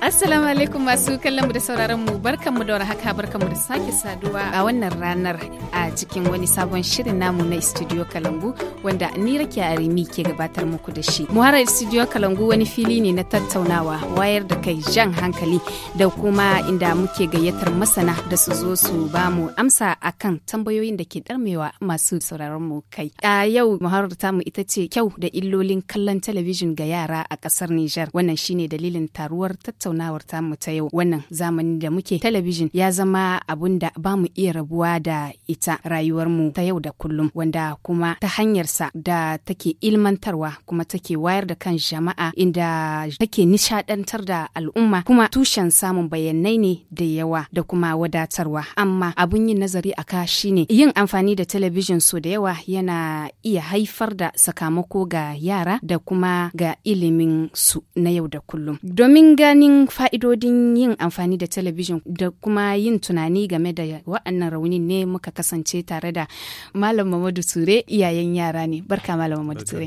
Assalamu alaikum masu kallon mu da sauraron mu mu da warhaka mu da sake saduwa a wannan ranar a cikin wani sabon shirin namu na Studio Kalangu wanda ni rake Arimi ke gabatar muku da shi. Muharar Studio Kalangu wani fili ne na tattaunawa wayar da kai jan hankali da kuma inda muke gayyatar masana da su zo su ba mu amsa akan tambayoyin da ke darmewa masu sauraron mu kai. A yau muharar mu ita ce kyau da illolin kallon talabijin ga yara a kasar Nijar wannan shine dalilin taruwar tattaunawa tattaunawar mu ta yau wannan zamani da muke talabijin ya zama abun da ba mu iya rabuwa da ita rayuwarmu ta yau da kullum wanda kuma ta hanyarsa da take ilmantarwa kuma take wayar da kan jama'a inda take nishadantar da al'umma kuma tushen samun bayanai ne da yawa da kuma wadatarwa amma abun yin nazari a ka shine yin amfani da talabijin so da yawa yana iya haifar da sakamako ga yara da kuma ga ilimin su na yau da kullum domin ganin fa'idodin yin amfani da talabijin da kuma yin tunani game da wa'annan raunin ne muka kasance tare da malam mamadu ture iyayen yara ne barka malam mamadu ture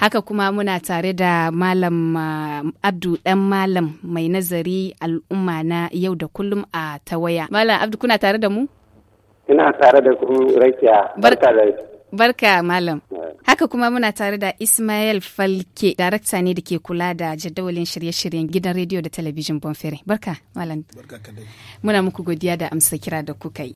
haka kuma muna tare da malam ah, abdu dan malam mai nazari al'umma na yau da kullum a tawaya malam abdu kuna tare da mu ina tare da ku rakiya barka da Barka Malam. Eh. Haka kuma muna tare da Ismail Falke, darakta ne da ke kula da jadawalin shirye-shiryen gidan rediyo da talabijin Bonfere. Barka Malam. Barka Muna muku godiya da amsa kira da kuka yi.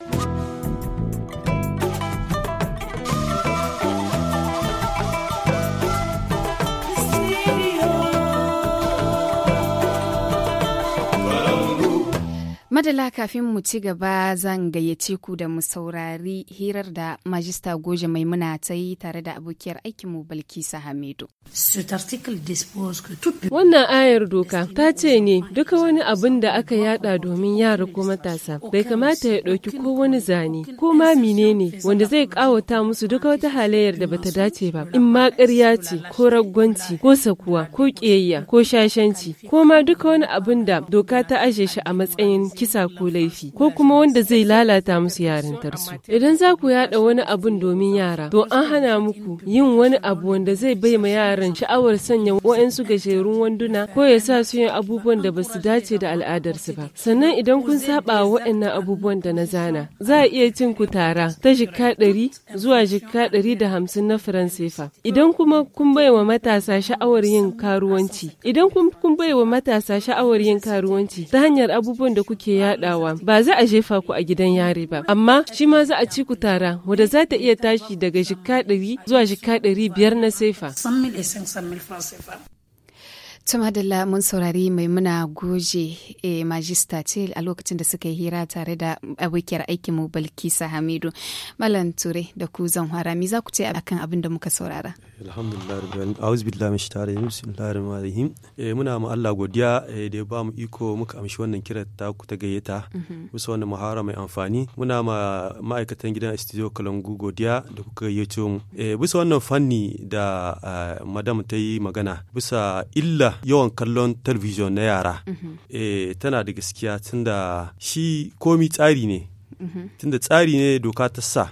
Madala kafin mu ci gaba zan gayyace ku da mu saurari hirar da Majista Goje Maimuna ta yi tare da abokiyar aikinmu Balkisa Hamidu. Wannan ayar doka ta ce ne duka wani abin da aka yada domin yara ko matasa bai kamata ya ɗauki ko wani zane ko ma menene wanda zai ƙawata musu duka wata halayyar da bata dace ba in ma karya ce ko ragwanci ko sakuwa ko ƙiyayya ko shashanci ko ma duka wani abin da doka ta aje shi a matsayin kisa sa ku laifi ko kuma wanda zai lalata musu yarintarsu. Idan za ku yaɗa wani abun domin yara, to an hana muku yin wani abu wanda zai bai ma yaran sha'awar sanya wa'yansu gajerun wanduna ko ya sa su yin abubuwan da ba su dace da al'adarsu ba. Sannan idan kun saba waɗannan abubuwan da na zana, za a iya cin ku tara ta jikka ɗari zuwa jikka ɗari da hamsin na faransefa. Idan kuma kun bai wa matasa sha'awar yin karuwanci, idan kun bai wa matasa sha'awar yin karuwanci ta hanyar abubuwan da kuke yadawa ba za a jefa ku a gidan yari ba amma shi ma za a ci ku tara wadda za ta iya tashi daga jikka ɗari zuwa jikka ɗari biyar na sefa. Tuma Dalla mun saurari Maimuna Goje e Majista ce a lokacin da suka yi hira tare da abokiyar aikinmu Balkisa Hamidu. Malam Ture da ku zan hara za ku ce akan abin da muka saurara? Alhamdulillah rabbil a'udhu billahi minash shaitanir bismillahir rahim. Eh, muna ma Allah godiya eh, da ya bamu iko muka amshi wannan kira ta ku ta gayyata. Musa mhm. wannan muhara mai amfani. Muna ma ma'aikatan gidan studio Kalangu godiya da kuka gayyato mu. bisa wannan fanni da madam ta yi magana bisa illa yawan kallon talabijin na yara mhm. eh tana da gaskiya tunda shi komi tsari ne mhm. tunda tsari ne doka ta sa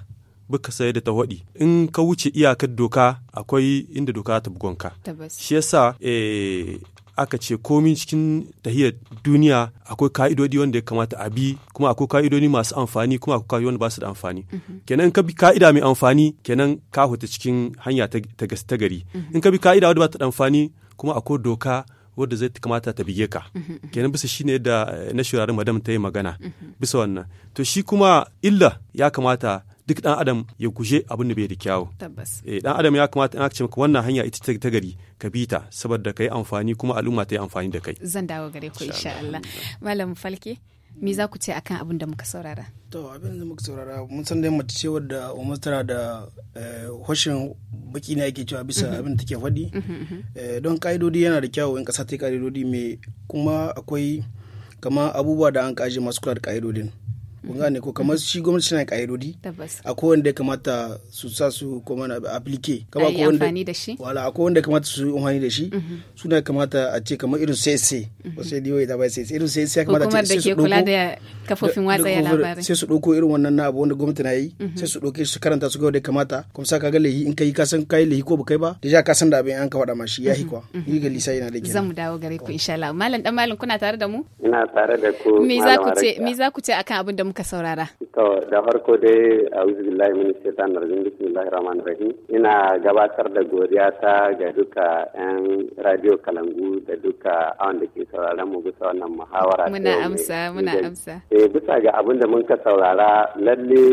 baka sai da ta hwaɗi in ka wuce iyakar doka akwai inda doka ta bugonka shi yasa eh, aka ce komi cikin tahiyar duniya akwai ka'idodi wanda ya kamata a bi kuma akwai ka'idodi masu amfani kuma akwai ka'idodi wanda ba su da amfani mhm. kenan ka bi ka'ida mai amfani kenan ka huta cikin hanya ta gari mhm. in ka bi ka'ida wanda ba ta da amfani kuma akwai doka wadda zai kamata ta bige ka mhm, kenan bisa shine yadda eh, na shirarin madam ta yi magana bisa wannan to shi kuma illa ya kamata duk dan adam ya guje abin da bai da kyawu tabbas eh dan adam ya kamata in aka ce maka wannan hanya ita ce ta gari ka bi ta saboda kai amfani kuma al'umma ta yi amfani da kai zan dawo gare ku insha Allah malam falke me za ku ce akan abin da muka saurara to abin da muka saurara mun san dai mace ce wadda umar da eh, hoshin baki ne ake cewa bisa mhm. abin da take faɗi mhm, mhm, eh, don ka'idodi yana da kyawu in kasa ta ka'idodi me kuma akwai kama abubuwa da an kaji masu kula da ka'idodin kun gane ko kamar shi gwamnati na ƙa'idodi akwai wanda ya kamata su sa su kuma na aplike kama akwai wanda amfani da shi wala akwai wanda ya kamata su amfani da shi mhm. suna kamata a ce kamar irin sese ba sai diyo ita ba sese irin sese ya kamata a ce sai su kula da kafofin watsa ya labarai sai su ɗauko irin wannan na abu wanda gwamnati na yi mhm. sai su ɗauke su karanta su ga wanda ya kamata kuma sa ka ga lahi in kai ka san kai lahi ko ba kai ba da ka san da abin an ka faɗa ma shi ya hikwa mhm. ni ga lisa yana da kenan zamu dawo gare ku insha Allah malam dan malam kuna tare da mu ina tare da ku me za ku ce me za ku ce akan abin da muka muka saurara? To, da farko dai a billahi min shaitan rajim bismillahir rahman rahim. Ina gabatar da godiya ta ga duka 'yan radio Kalangu da duka awan da ke sauraron mu bisa wannan muhawara. Muna amsa, muna amsa. Eh, bisa ga abin da mun ka saurara lalle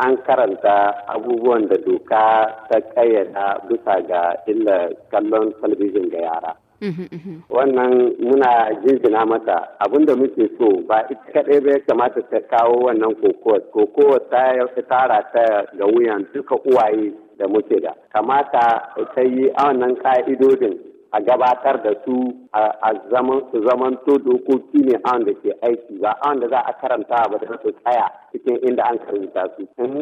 an karanta abubuwan da doka ta kayyada bisa ga illa kallon talabijin ga yara Mhm, mhm. Wannan muna jinjina mata abin da muke so ba ita kaɗai ba ya kamata ta kawo wannan kokowar. Kokowar ta tara ta ga wuyan duka uwaye da muke da. Kamata ta yi a wannan ka'idodin a gabatar da su a zaman su to dokoki ne an da ke aiki ba an da za a karanta ba da su tsaya cikin inda an karanta su in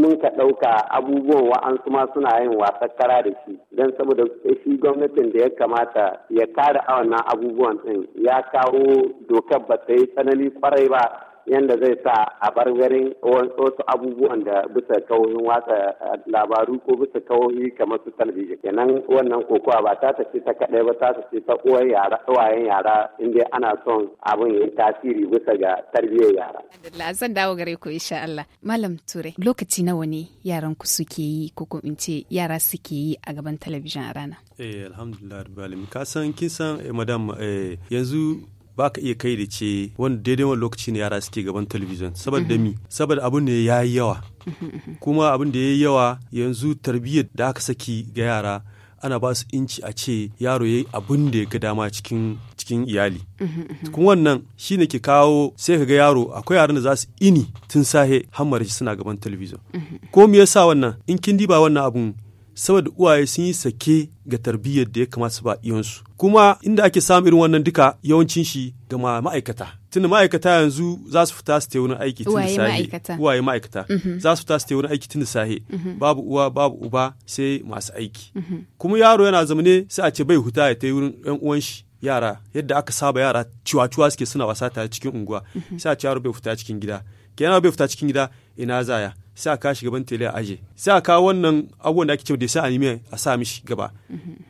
mun ka ɗauka abubuwan wa wa'ansu ma suna yin wasan kara da shi don saboda shi gwamnatin da ya kamata ya kare a wannan abubuwan din ya kawo dokar ba ta yi tsanani kwarai ba yadda zai sa a bar garin wasu abubuwan da bisa kawohin watsa eh, labaru ko bisa kawohi kamar su talabijin kenan wannan kokowa ba ta tafi ta kaɗai ba ta tafi ta uwar yara uwayen yara inda ana son abin yin tasiri bisa ga tarbiyyar yara. Alhamdulillah zan dawo gare ku insha Allah. Malam Ture lokaci nawa ne yaran ku suke yi ko ko in ce yara suke yi a gaban talabijin a rana? Eh alhamdulillah ka san kin san eh, madam eh, yanzu ba ka iya kai da ce wani daidai wani lokaci ne yara suke gaban talabijin saboda mi mhm. saboda abin ne ya yi yawa kuma abin da ya yi yawa yanzu tarbiyyar da aka saki ga yara ana ba su inci a ce yaro ya yi abin da ya ga dama cikin cikin iyali kuma wannan shi ne ke kawo sai ka ga yaro akwai yaran da za su ini tun sahe hammar shi suna gaban talabijin ko me yasa wannan in kin diba wannan abun saboda uwaye sun yi sake ga tarbiyyar da ya kamata su ba iyansu kuma inda ake samun irin wannan duka yawancin shi ga ma'aikata tunda ma'aikata yanzu za su fita su ta aiki tun sahe uwaye ma'aikata mhm. za su fita su aiki tun sahe mhm. babu uwa babu uba sai masu aiki mhm. kuma yaro yana zama ne sai a ce bai huta ya ta wurin yan uwan shi yara yadda aka saba yara ciwa-ciwa suke suna wasa tare cikin unguwa sai a ce yaro bai fita cikin gida kenan bai fita cikin gida ina zaya sai a kawo gaban tele a aje sai a kawo wannan abubuwan da ake cewa da sai anime a sa mishi gaba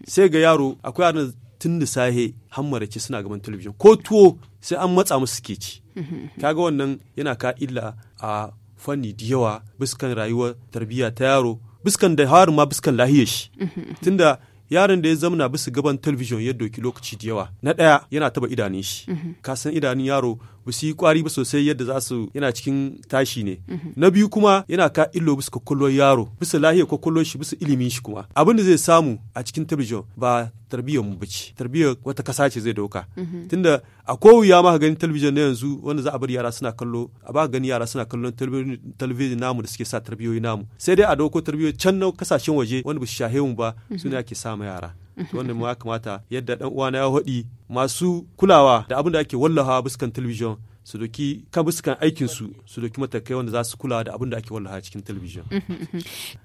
sai ga yaro akwai yaran tun da sahe hammarace suna gaban talabijin ko tuwo sai an matsa musu suke ci kaga wannan yana ka illa a fanni da yawa biskan rayuwar tarbiyya ta yaro biskan da har ma biskan lahiyar shi tunda yaron da ya zamana bisa gaban talabijin ya doki lokaci da yawa na ɗaya yana taba idanun shi ka san idanun yaro ba su yi kwari ba sosai yadda za su yana cikin tashi ne mhm. na biyu kuma yana ka illo bisa kwakwalwar yaro bisa lahiyar kwakwalwar shi bisa ilimin shi kuma abin da zai samu a cikin talabijin ba tarbiyyar mu bace tarbiyyar wata kasa ce zai dauka mhm. tunda a kowuya ma ganin talabijin na yanzu wanda za a bar yara suna kallo a ba gani yara suna kallon talabijin namu da suke sa tarbiyoyi namu sai dai a dauko tarbiyyar can na kasashen waje wanda ba su shahe mu ba mhm. suna ke sama yara wannan ya kamata yadda dan uwana ya hodi masu kulawa da abin da ake wallafa buskan talabijin su doki ka buskan aikin su su doki matakai wanda za su kula da abin da ake wallafa cikin talabijin mm-hmm,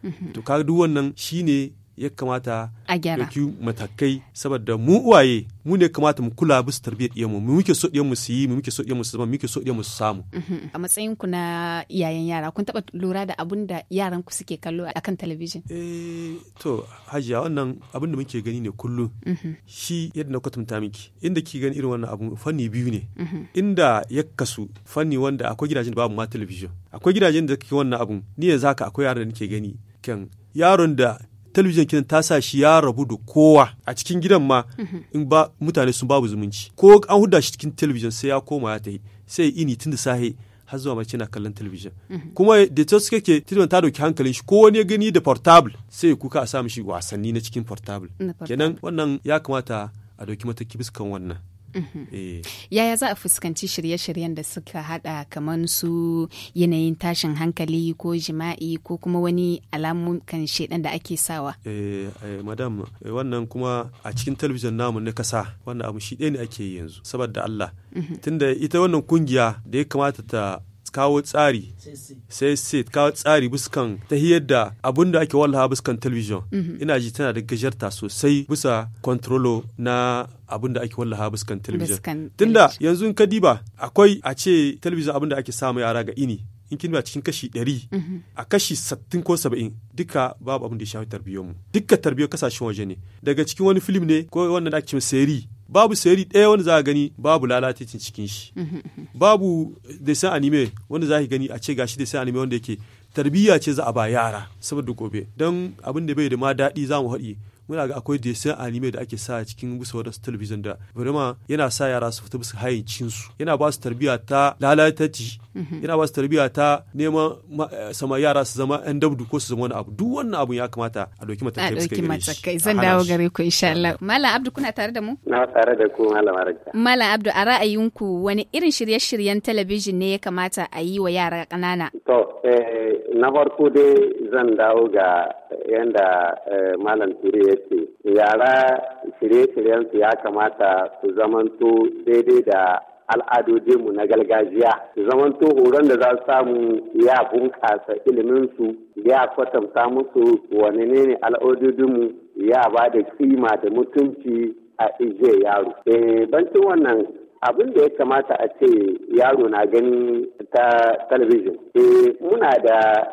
mm-hmm. to ka duk wannan shine ya kamata a ɗauki matakai saboda mu uwaye mu ne kamata mu kula bisa tarbiyyar iyamu mu muke so iyamu su yi mu muke so iyamu su zama muke so iyamu su samu mm-hmm. a matsayin ku na ya'yan yara kun taba lura da abun da yaran ku suke kallo akan talabijin eh to hajiya wannan abin da muke gani ne kullum mm-hmm. shi yadda na kwatanta miki inda ki gani irin wannan abu fanni biyu ne mm-hmm. inda ya kasu fanni wanda akwai gidajen da babu ma talabijin akwai gidajen da kake wannan abun ni ya zaka akwai yaran da nake gani kan yaron da talabijin kenan ta sa shi ya rabu da kowa a cikin gidan ma mhm. in ba mutane sun babu zumunci ko an huda shi cikin talabijin sai ya koma ya tafi sai ini tun da sahi har zuwa mace na kallon talabijin mhm. kuma da ta suka ke ta dauki hankalin shi ko wani ya gani da portable sai kuka a sa mishi wasanni na cikin portable kenan wannan ya kamata a dauki mataki biskan wannan Mhm. Eh. Yaya za a fuskanci shirye-shiryen da suka hada kamar su yanayin tashin hankali ko jima'i ko kuma wani alamun kan shaidan da ake sawa? Eh, eh madam, eh, wannan kuma a cikin talabijin namu na kasa wannan abu shi ne ake yi yanzu, saboda Allah. Mhm. Tunda ita wannan kungiya da ya kamata ta kawo tsari sai sai kawo tsari buskan ta yadda abin da ake wallaha buskan talabijin mhm. ina ji tana da gajarta sosai bisa kontrolo na abin da ake wallaha buskan talabijin tunda yanzu ka diba akwai a ce talabijin abin da ake samu yara ga ini in kin ba cikin kashi dari. Mhm. a kashi 60 ko saba'in duka babu abin da ya shafi tarbiyyar mu duka tarbiyyar kasashen waje ne daga cikin wani filim ne ko wannan da ake seri babu sayari ɗaya wanda za a gani babu lalatacin cikin shi babu desin anime wanda za gani a ce gashi desin anime wanda yake tarbiyya ce za a ba yara saboda gobe don abin da bai da ma daɗi za mu haɗi muna ga akwai desin anime da ake sa a cikin bisa wadansu talabijin da vraiment yana sa yara su fita bisa hayin cinsu yana ba su tarbiyya ta lalatacci mhm. yana ba su tarbiyya ta neman eh, sama yara su zama yan dabdu ko su zama wani abu duk wannan abu ya kamata a doki matakai a dauki matakai zan dawo gare ku insha Allah malam abdu kuna tare da mu na tare da ku malam arja malam abdu a ra'ayinku wani irin shirye-shiryen talabijin ne ya kamata a yi wa yara ƙanana to eh, na farko dai zan dawo ga yanda eh, malam ture ya yake yara shirye su ya kamata su zamanto daidai da al'adodinmu na gargajiya su zamanto horon da za su samu ya bunƙasa iliminsu ya kwatanta musu wani ne ne al'adodinmu ya ba da kima da mutunci a ije yaro. Eh, bancin wannan abin da ya kamata a ce yaro na gani ta talabijin. Eh, muna da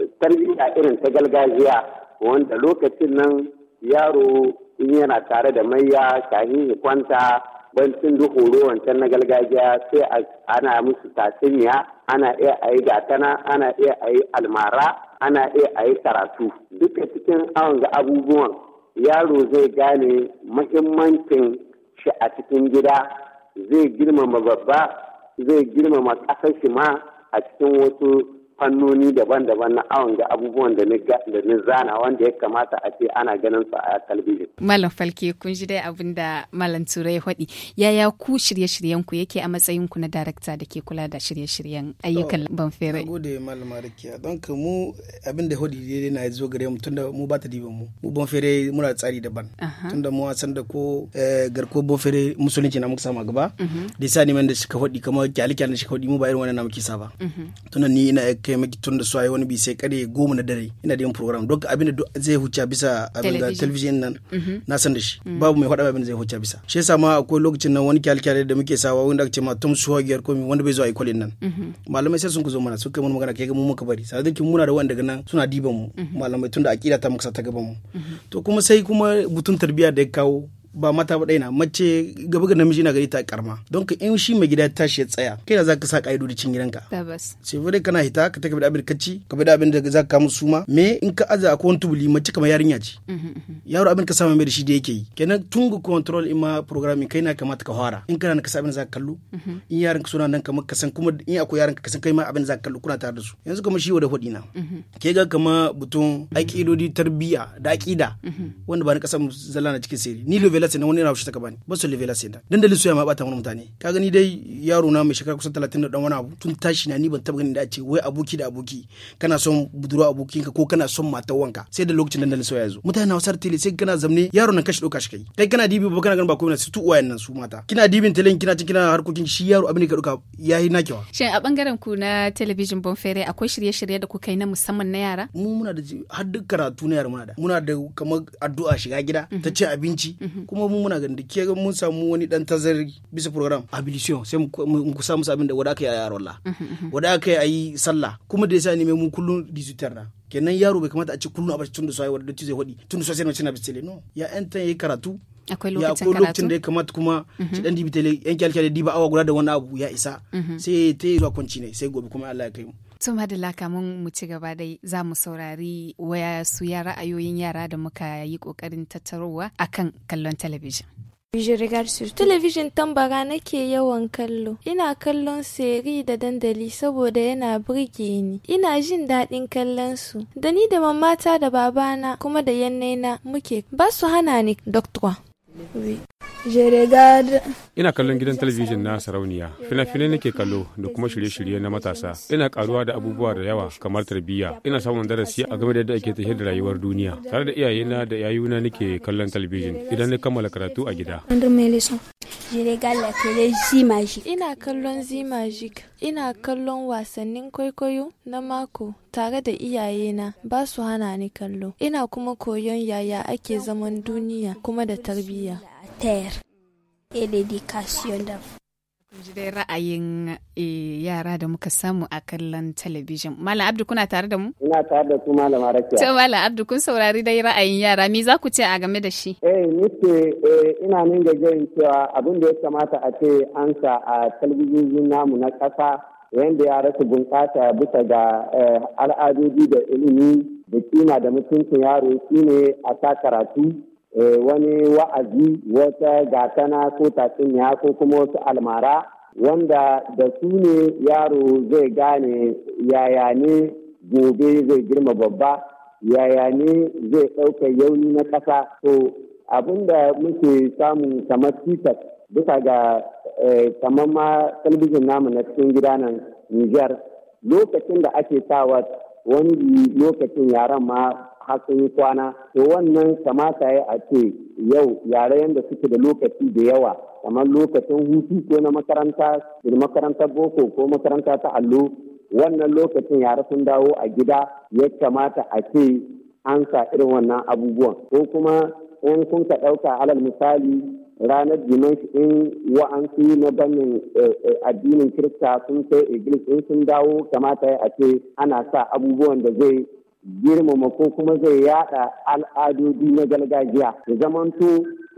eh, tarbiyya irin ta gargajiya wanda lokacin nan yaro in yana tare da maiya kahin kwanta bancin duk horo wancan na gargajiya sai ana musu tatsuniya ana iya a yi gatana ana iya a yi almara ana iya a yi karatu duka cikin awon ga abubuwan yaro zai gane mahimmancin shi a cikin gida zai girmama babba zai girmama ƙasar shi ma a cikin wasu fannoni daban-daban na awon ga abubuwan da na zana wanda ya kamata a ce ana ganin su a talbijin. Malam Falke kun ji dai abin da Malam Turai haɗi yaya ku shirye-shiryen ku yake a matsayin ku na darakta da ke kula da shirye-shiryen ayyukan fere. Na gode Malam Rikiya don ka mu abin da haɗi dai na zo gare mu tunda mu ba ta diban mu mu fere muna tsari daban tunda mu san da ko eh, garko fere musulunci na muka sama gaba mhm. da sa neman da suka haɗi kamar kyalikyalin da suka haɗi mu ba irin wannan na muke saba mhm. tunda ni ina kai maki tun da suwaye wani bi sai kare goma na dare ina da yin program duk abin da zai huce bisa abin da television nan mhm. na san da shi mm. babu mai faɗa abin da zai huce bisa shi yasa ma akwai lokacin nan wani kyalkyale da muke sawa wanda ake ma tum suwagiyar komi wanda bai zo a ikolin nan mhm. malamai sai sun ku zo mana suka yi mana magana kai ga mu muka bari sai dukkan muna da wanda daga nan suna diban mu mhm. malamai tun da aqida ta muka sa ta gaban mu to kuma sai kuma butun tarbiya da ya kawo ba mata ba ɗaina mace gaba ga namiji na gari ta karma don ka in shi mai gida tashi ya tsaya kai da ka sa ka'idodi cin gidanka tabbas sai fa kana hita ka taka bada abin kacci ka bada abin da ka kama suma me in ka aza a wani tubuli mace kamar yarinya ce mm-hmm, mm-hmm. yaro abin ka samu mai da shi da yake yi kenan tun ga control in ma programming kai na kamata ka fara in kana ka sa abin da ka kallo mm-hmm. in yaran ka suna nan kamar ka san kuma in akwai yaran ka san kai ma abin da ka kallo kuna tare da su yanzu kamar shi wa da hudi na ke ga kamar butun aƙidodi tarbiya da aƙida wanda ba na kasar zalla na cikin sirri ni level levelasin nan wani na shi ta bani ba su levelasin nan dandalin ya ma bata wani mutane ka gani dai yaro na mai shekara kusan 30 da dan wani abu tun tashi na ni ban taba ganin da a ce wai aboki da aboki kana son budurwa abokinka ko kana son matar wanka sai da lokacin dan dandalin ya zo mutane na wasar tele sai kana zamne yaro na kashi doka shi kai kai kana dibi ba kana ganin ba komai su tu uwayen nan su mata kina dibin telen kina cikin kina harkokin shi yaro abin da ka doka yayi nakewa shin a bangaren ku na television bon fere akwai shirye-shirye da ku kai na musamman na yara mu muna da har duk karatu na yara muna da muna da kamar addu'a shiga gida ta mhm. ce abinci mhm. kuma mu muna ganin ke mun samu wani dan tazari bisa program abilisiyon sai mu kusa musu abin da wada aka yi a yaron la mhm, mhm. wada aka yi a yi sallah kuma da yasa ne mai mun kullum digital na kenan yaro bai kamata a ci kullum a bashi tun da sai wada da zai hodi tun da sai na cin abin no ya yan ta yi karatu akwai lokacin da ya kamata kuma shi mhm. dan dibi tele yan kyalkyale diba awa guda da wani abu ya isa sai ta yi zuwa kwanci ne sai gobe kuma Allah ya kai mu To madala kamun mu ci gaba dai za mu saurari waya su ya ra'ayoyin yara da muka yi kokarin tattarowa kan kallon talabijin. Bijirigar Talabijin tambara nake yawan kallo. Ina kallon seri da dandali saboda yana burge ni. Ina jin daɗin kallon su. Da ni da mamata da babana kuma da yannaina muke ba su hana ni doctor. Ina kallon gidan talabijin na sarauniya, fina-finai nake kallo da kuma shirye-shirye na matasa. Ina karuwa da abubuwa da yawa kamar tarbiyya. Ina samun darasi a game da yadda ake tafiyar da rayuwar duniya. Tare da iyayena da yayuna nake kallon talabijin idan na kammala karatu a gida. Ina kallon Zimagic. Ina kallon wasannin kwaikwayo na mako tare da iyayena ba su hana ni kallo. Ina kuma koyon yaya ake zaman duniya kuma da tarbiyya. ji dai ra'ayin eh, yara da muka samu a kallon talabijin. Malam Abdu kuna tare da mu? Ina tare da su Malam Arakiya. To Malam Abdu kun saurari dai ra'ayin yara me za ku ce a game da shi? Eh ce eh, ina nan gajen cewa abin da ya kamata a ce an sa a talabijin namu na ƙasa yadda yara su bunƙasa bisa ga eh, al'adodi da ilimi da kima da mutuncin yaro shine a sa karatu Eh, wani wa'azi wata gatana ko tatsuniya ko kuma wasu almara wanda da su ne yaro zai gane yaya ne gobe zai girma babba yaya ne zai ɗauka yauni na ƙasa to abinda muke samu kamar titas bisa ga eh, kamar ma talbijin namu na cikin gida nan Nijar lokacin da ake sawa wani lokacin yaran ma har kwana to wannan kamata ya a ce yau yare yanda suke da lokaci da yawa kamar lokacin hutu ko na makaranta da makarantar boko ko makaranta ta allo wannan lokacin yare sun dawo a gida ya kamata a ce an sa irin wannan abubuwan ko kuma in kun ka ɗauka alal misali ranar dimanshi in wa'ansu na banin eh, eh, addinin kirista sun kai iglis in sun dawo kamata ya ce ana sa abubuwan da zai girmama ko kuma zai yada al'adodi na gargajiya ya zamanto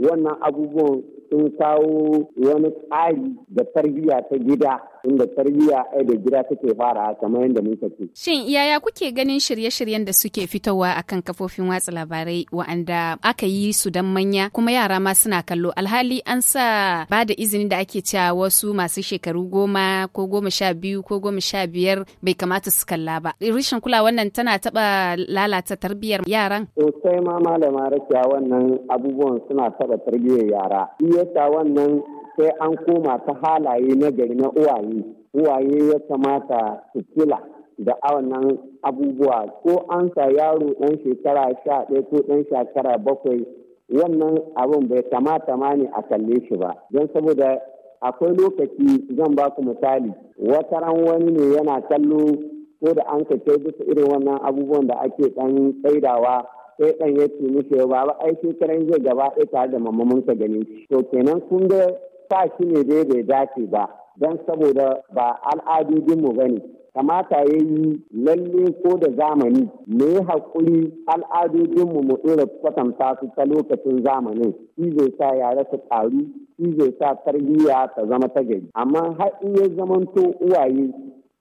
wannan abubuwan sun kawo wani tsari da tarbiyya ta gida inda tarbiyya a da gida take fara kamar yadda muka ce. Shin yaya kuke ganin shirye-shiryen da suke fitowa akan kafofin watsa labarai wa'anda aka yi su dan manya kuma yara ma suna kallo alhali an sa ba da izini da ake cewa wasu masu shekaru goma ko goma sha biyu ko goma sha biyar bai kamata su kalla ba. Rashin kula wannan tana taɓa lalata tarbiyyar yaran. Sosai ma malama rakiya wannan abubuwan suna taɓa tarbiyyar yara. Iya yasa wannan sai an koma ta halaye na gari na uwaye uwaye ya kamata su kila da wannan abubuwa ko an sa yaro ɗan shekara sha ɗaya ko ɗan shekara bakwai wannan abin bai kamata ma ne a kalle shi ba don saboda akwai lokaci zan ba ku misali wata ran wani ne yana kallo ko da an ka bisa irin wannan abubuwan da ake ɗan tsaidawa sai dan ya ce mishi ya baba ai karan zai gaba ɗaya tare da mamamin ka gani shi to kenan kun ga sa shi ne dai bai dace ba don saboda ba al'adodinmu ba ne kamata ya yi lalle ko da zamani me haƙuri al'adodinmu mu ɗora kwatanta su ta lokacin zamanin shi zai sa yara su ƙaru shi zai sa tarbiyya ta zama ta gari amma har in ya zamanto uwaye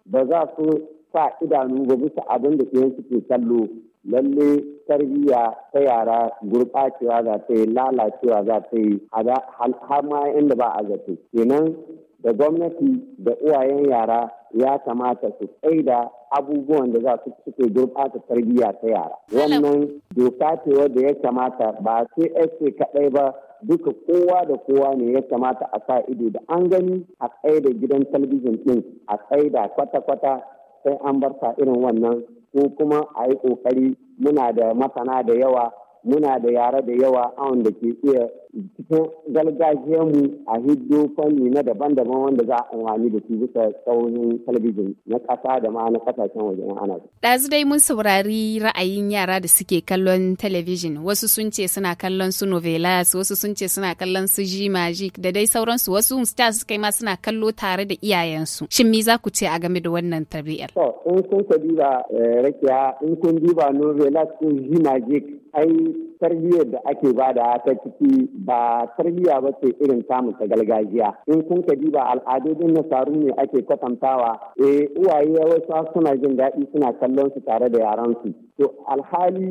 ba za su sa idanu ba bisa abin da ɗiyan suke kallo lalle tarbiyya ta yara gurɓacewa za ta yi lalacewa za ta yi har ma inda ba a zato kenan da gwamnati da uwayen yara ya kamata su tsaida abubuwan da za su suke gurɓata tarbiyya ta yara wannan doka ce wadda ya kamata ba sai kaɗai ba duka kowa da kowa ne ya kamata a sa ido da an gani a tsaida gidan talabijin ɗin a tsaida kwata-kwata sai an bar ta irin wannan ko kuma a yi ƙoƙari muna da masana da yawa muna da yare da yawa awon da ke iya cikin mu a hiddo fanni na daban-daban wanda za a amfani da su bisa tsaunin talabijin na kasa da ma na kasashen waje in ana. Ɗazu dai mun saurari ra'ayin yara da suke kallon talabijin wasu sun ce suna kallon su novelas wasu sun ce suna kallon su ji magic da dai sauransu wasu stars kai ma suna kallo tare da iyayensu. Shin me za ku ce a game da wannan tabi'ar? To in kun ka diba eh, rakiya in kun diba novelas ko ji magic ai tarbiyyar da ake bada ta ciki ba tarbiyya ba ce irin kamu ta gargajiya in kun ka diba al'adodin nasaru ne ake kwatantawa eh uwaye wasu suna jin daɗi suna kallon su tare da yaran su to alhali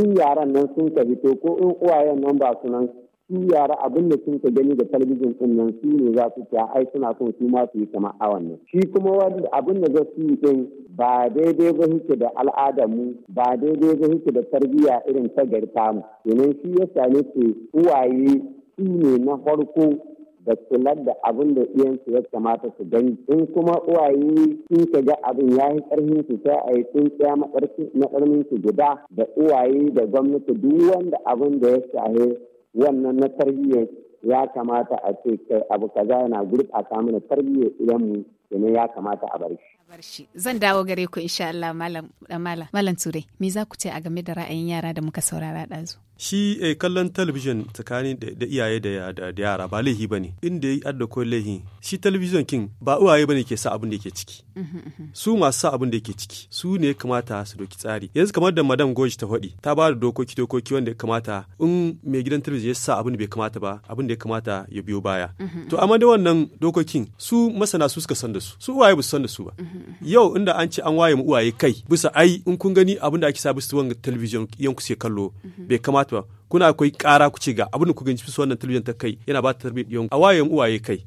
in yaran nan sun ka fito ko in uwayen nan ba su nan su yara abin da sun ka gani da talabijin din nan su ne za su ta ai suna son su ma su yi kamar a wannan shi kuma wani abin da za su yi din ba daidai ba yake da al'adar mu ba daidai ba yake da tarbiyya irin ta gari mu domin shi ya same su uwaye su ne na farko da kula da abin da iyansu ya kamata su gani in kuma uwaye sun ka ga abin ya yi karfin su sai a yi tsintsiya makarmin su guda da uwaye da gwamnati duk wanda abin da ya shahe wannan na tarbiyyar ya kamata a ce abu kaza yana gurɓata mana idan mu domin ya kamata a bar shi Zan dawo gare ku insha Allah eh, malam malam Ture. Me za ku ce a game da ra'ayin yara da muka saurara ɗazu? Shi eh, kallon talabijin tsakanin da iyaye da, da, yara ba laihi bane ne. Inda ya adda ko laihi. Shi talabijin kin ba uwaye bane ke sa abin da yake ciki. Mhm, mhm. Su masu sa abin da yake ciki. Su ne ya kamata su doki tsari. Yanzu kamar da Madam Goji ta faɗi. Ta ba da dokoki dokoki wanda ya kamata in mai gidan talabijin ya sa abin da bai kamata ba abin da ya kamata ya biyo baya. Mhm, to amma da wannan dokokin su masana su suka san da su. Su uwaye ba su san da su ba. yau inda an ce an waye mu uwaye kai bisa ai in kun gani abin da ake sa bisa wannan talabijin yanku sai kallo bai kamata ba kuna akwai kara ku ce ga abin da ku gani bisa wannan talabijin ta kai yana ba ta a waye mu uwaye kai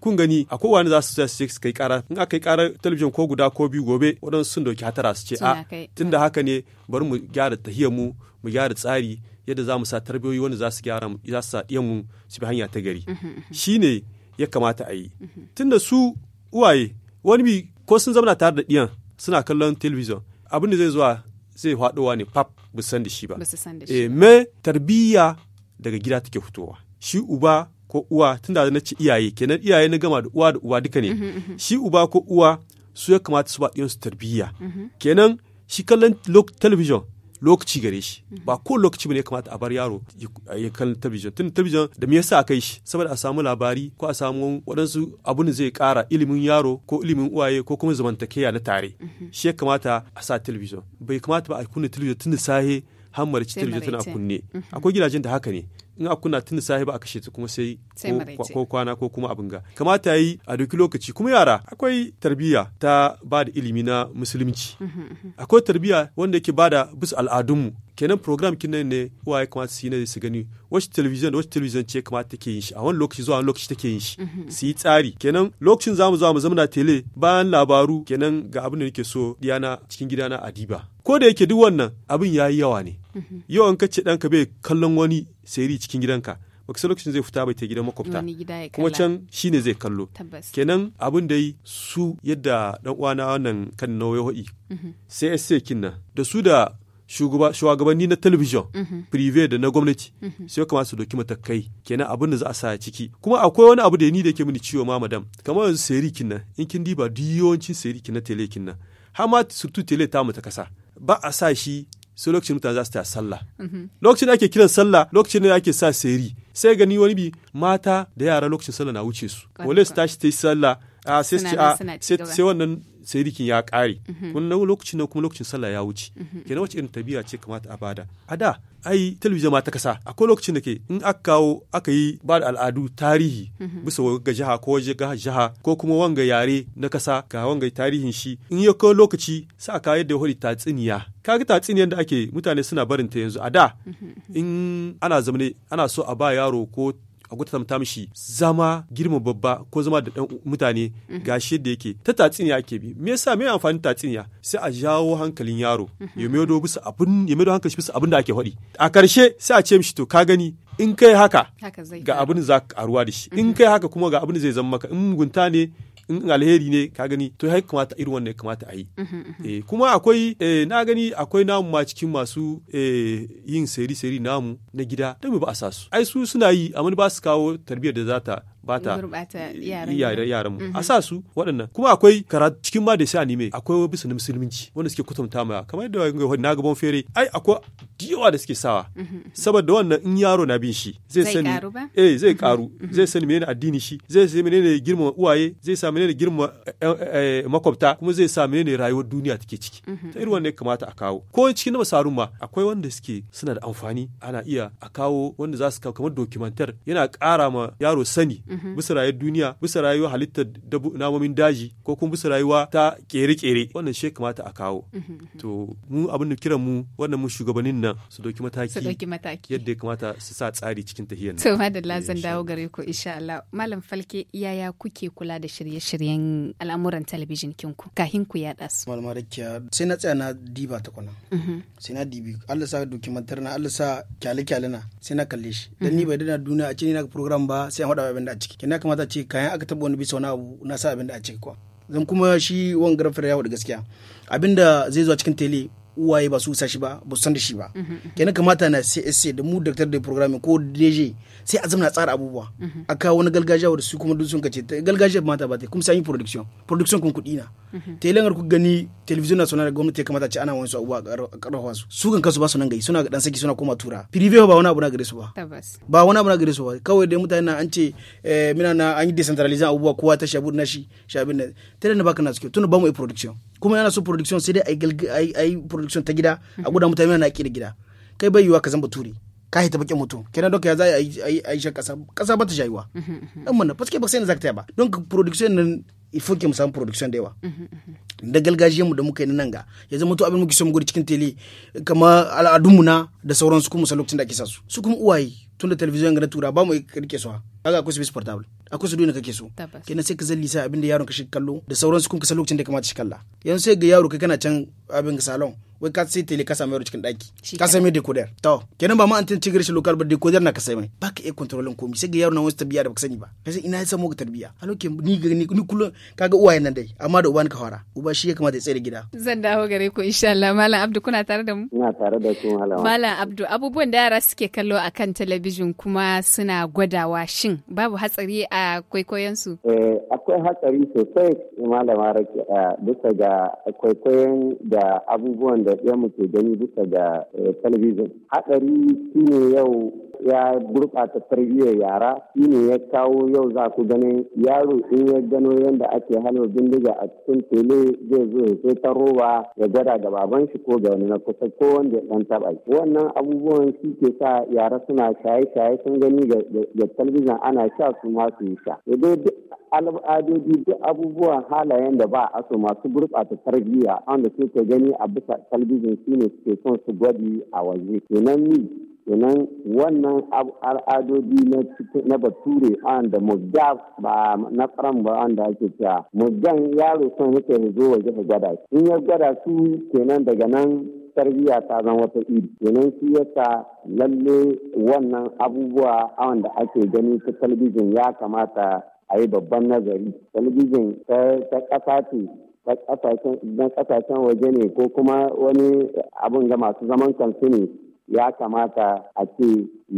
kun gani a wani za su su su kai kara in aka yi kara talabijin ko guda ko biyu gobe waɗansu sun dauki hatara su ce a tunda haka ne bari mu gyara tahiyar mu mu gyara tsari yadda za mu sa tarbiyoyi wanda za su gyara za su sa mu su bi hanya ta gari shine ya kamata a yi tunda su uwaye wani bi ko sun zauna tare da ɗiyan suna kallon television abin da zai zuwa zai haɗowa ne pap ba san da shi ba. eh me tarbiyya daga gida take fitowa. Shi uba ko uwa tun da na ci iyaye kenan iyaye na gama da uwa da uba duka ne. Mhm, mhm. Shi uba ko uwa su ya kamata su ba su tarbiyya. Mhm. Kenan shi kallon television lokaci gare shi ba ko lokaci ne ya kamata a bar yaro ya kan talabijin tun talabijin da me yasa aka yi shi saboda a samu labari ko a samu waɗansu abun zai kara ilimin yaro ko ilimin uwaye ko kuma zamantakeya na tare shi ya kamata a sa talabijin bai kamata ba a kunna talabijin tun da sahe hammar ci talabijin tana kunne mhm. akwai gidajen da haka ne in a kunna tuni safe ba a kashe ta kuma sai ko kwana ko kuma abin ga kamata yi a doki lokaci kuma yara akwai tarbiyya ta ba da ilimi na musulunci mhm, mhm. akwai tarbiyya wanda yake ba da bisa al'adunmu kenan program nan ne ya kamata su yi na su gani wacce television wacce television ce kamata take yin shi a wani lokaci zuwa wani lokaci take yin shi mhm. su yi tsari kenan lokacin zamu zuwa mu zamana tele bayan labaru kenan ga abin da nake so diyana cikin gidana adiba ko da yake duk wannan abin yayi yawa ne Mm-hmm. yau an kace ka bai kallon wani sayari cikin gidanka baka lokacin zai fita bai ta gidan makwabta kuma can shine zai kallo kenan abin da yi su yadda dan uwana wannan kan nauyi hoi mm-hmm. sai sai kinna da su da shugabanni na talabijin mm-hmm. prive da na gwamnati sai kuma su doki matakai kenan abin da za a sa ciki kuma akwai wani abu da ni da ke mini ciwo ma madam kamar yanzu kin kinna in kin diba duk yawancin kin na tele kinna har ma surtu tele ta mu ta kasa ba a sa shi sai lokacin mutane za su ta sallah mhm. lokacin da ake kiran sallah lokacin da ake sa seri sai gani wani bi mata da yara lokacin sallah na wuce su wale su tashi ta yi sallah sai wannan sai rikin ya ƙare mhm. kun lokaci na kuma lokacin sallah ya wuce mhm. kenan wace irin tabiya ce kamata a bada a da ai talabijin ma ta kasa akwai lokacin da ke in aka kawo aka yi ba da al'adu tarihi mhm. bisa ga jiha ko waje ga jiha ko kuma wanga yare na kasa ga wanga tarihin shi in ya kawo lokaci sa kawo yadda ya hori tatsiniya kaga tatsiniyar da ake mutane suna barinta yanzu a da in ana zamane ana so a ba yaro ko a kwatanta mishi zama girma babba ko zama da dan mutane mhm. shi da yake ta tatsiniya ake bi me yasa me amfani tatsiniya sai a jawo hankalin yaro mhm. ya do bisa abin ya do hankali bisa abin da ake faɗi a karshe sai a ce mishi to ka gani in kai haka ga abin za ka karuwa da shi in mhm. kai haka kuma ga abin zai zama maka in mugunta ne in alheri ne ka gani to ya kamata irin wannan kamata a yi mm-hmm, mm-hmm. Eh, kuma akwai eh, na gani akwai namu ma cikin masu eh, yin seri seri namu na gida don ba a sa su ai su suna yi amma ba su kawo tarbiyyar da za ta ba ta yaran mu a mhm. sa su waɗannan kuma akwai karatu cikin ma da sai anime akwai bisa na musulunci wanda suke kutumta ma kamar yadda na gaban fere ai akwai diyawa da suke sawa mhm. saboda wannan in yaro na bin shi zai sani eh zai karu mhm. zai sani menene addini shi zai sani menene girma uwaye zai sa menene girmama eh, eh, makwabta kuma zai sa menene rayuwar duniya take ciki ta irin ya kamata a kawo ko cikin na masarun ma akwai wanda suke suna da amfani ana iya a kawo wanda za su kawo kamar dokumentar yana ƙara ma yaro sani bisa rayuwar duniya bisa rayuwar halittar namomin daji ko kuma bisa rayuwa ta kere-kere wannan shi kamata a kawo to mu abin da kiran mu wannan mu shugabannin nan su doki mataki yadda ya kamata su sa tsari cikin tahiyar to madalla eh, zan dawo gare ku insha Allah malam falke yaya kuke kula da shirye-shiryen al'amuran talabijin kinku kahin ku ya dasu malama rakiya sai na tsaya na diba ta kwana sai na dibi Allah sa mantar na Allah sa kyale-kyale na sai na kalle shi dan ni bai dana duniya a cikin na program ba sai an hada abin da ciki kina kamata ce kayan aka taɓa wani bisa wani abu na sa abin da a ciki kuwa zan kuma shi wani garafin ya da gaskiya abin da zai zuwa cikin tele uwaye ba su sa shi ba ba san da shi ba kenan kamata na CSC da mu doctor da programming ko DG sai a na tsara abubuwa a kawo wani galgajiya da su kuma duk sun kace galgajiyar mata ba ta kuma sai yi production production kun kudi na te yi ku gani television national da gwamnati kamata ce ana wani su abuwa a karfafa su su kan kasu ba su nan gai suna dan saki suna koma tura preview ba wani abu na gare su ba ba wani abu na gare su ba kawai dai mutane na an ce eh, mina na an yi decentralization abubuwa kowa ta shabu na shi shabin na tare na baka na suke tun ba mu production kuma yana so production sai dai ai ai production ta gida a guda mutane na ki gida kai bai yiwa ka zamba turi. ka hita bakin mutum kenan don ka za a yi a kasa kasa ba ta shayuwa dan mhm, mhm. mun paske ba sai ne zaka ta ba don production nan ifo ke mu samu production da yawa mhm, da galgajiyar mu da muka yi nan ga ya zama to abin muke so mu gudu cikin tele kamar al'adunmu na da sauransu kuma lokacin da ake sa su su kuma uwaye tunda television ga na tura ba mu rike su ga akwai service portable akwai su duniya kake so kenan sai ka zalli sa abin da yaron ka shi kallo da sauran su kun kasa lokacin da kamata shi kalla yanzu sai ga yaro kai kana can abin ga salon wai ka sai tele ka samu yaro cikin daki ka sai mai decoder to kenan ba ma an tantance gare shi local ba decoder na ka sai mai ba ka iya controlling komi sai ga yaro na wasu tarbiya da baka sani ba kai sai ina ya samu ga tarbiya a lokacin ni ga ni kullum kaga uwaye nan dai amma da uba ka fara uba shi ya kamata ya tsere gida zan dawo gare ku insha Allah malam Abdu kuna tare da mu ina tare da ku malam Abdu abubuwan da yara suke kallo akan talabijin talabijin kuma suna gwadawa shin babu hatsari a kwaikwayonsu? Eh, akwai hatsari sosai malama a bisa ga kwaikwayon da abubuwan da ya muke gani bisa ga eh, talabijin hatsari shine yau ya gurɓata tarbiyyar yara shine ya kawo yau za ku ganin yaro in ya gano yadda ake hana bindiga a cikin tele zai zo ya sai ta roba ya gwada da baban shi ko ga wani na kusa ko wanda ya dan taɓa wannan abubuwan shi ke sa yara suna shaye shaye-shaye sun gani da talbijin ana sha su ma su yi sha duk al'adodi duk abubuwan halayen da ba a so masu gurɓata tarbiyya wanda suke gani a bisa talbijin ne suke son su gwadi a waje kenan ni kenan wannan al'adodi na bature da mugda ba na tsaron ba wanda ake cewa mugdan yaro son yake zo waje ka gwada in ya gwada su kenan daga nan tarbiyya ta zan wata iri kenan shi yasa lalle wannan abubuwa awan da ake gani ta talbijin ya kamata a yi babban nazari talbijin ta ƙasa ce na kasashen waje ne ko kuma wani abin ga masu zaman kansu ne ya kamata a ce